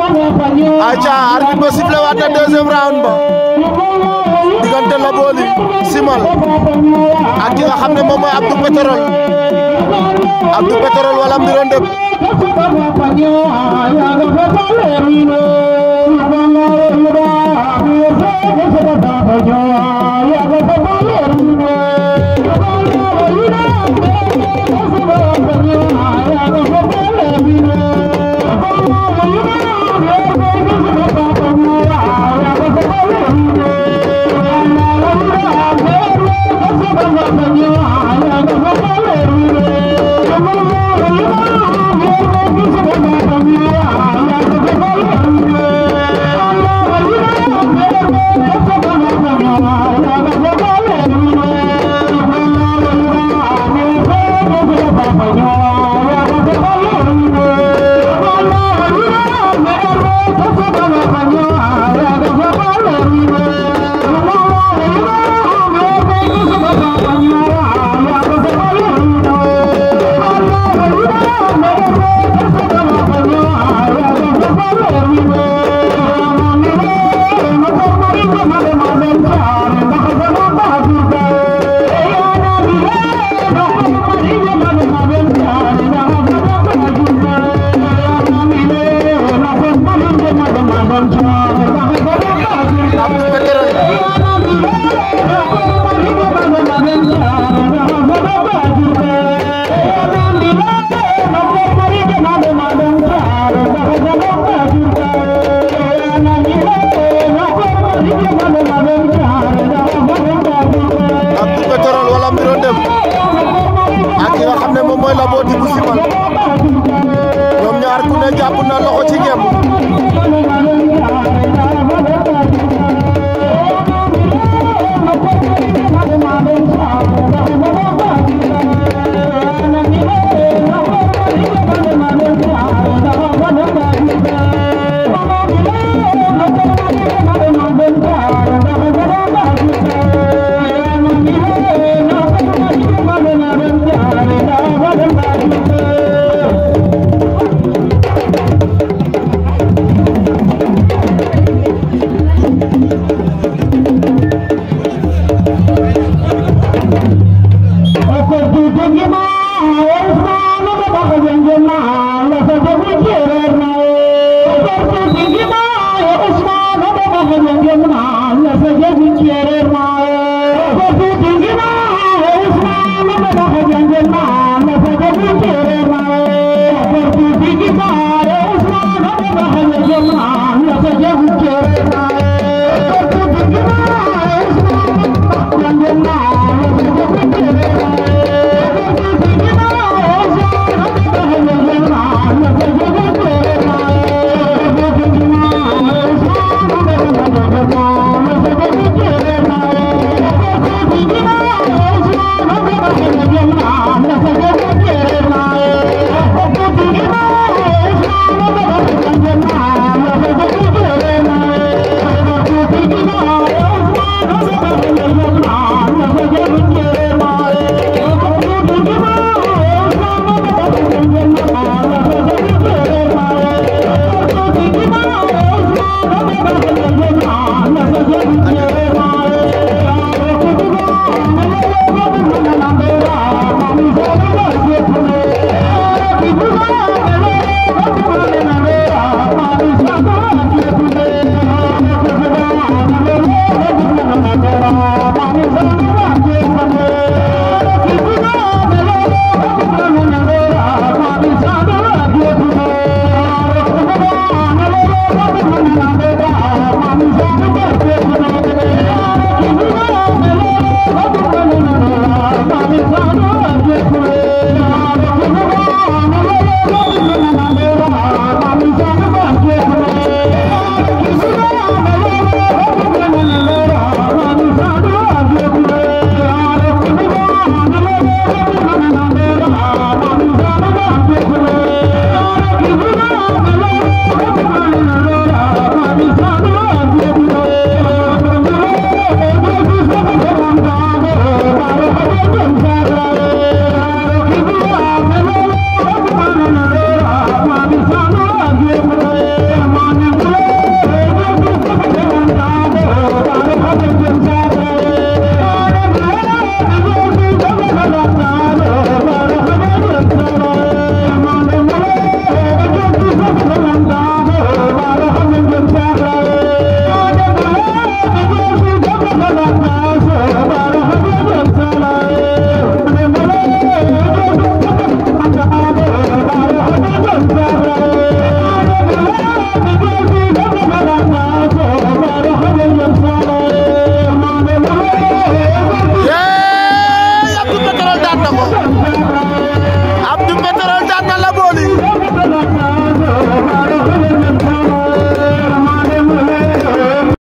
aca arbitre ba sifflé waat deuxième round ba Digante la boli, simal ak ki nga xamne mom moy Abdou Petrol. Abdou Petrol wala am di doon dëpp ak bu pétrole wala mbiro dem ak ki nga xam ne moom mooy labo di bu simal ñoom ñaar ku ne jàpp na loxo ci ngemb 也不拿，你结婚结接。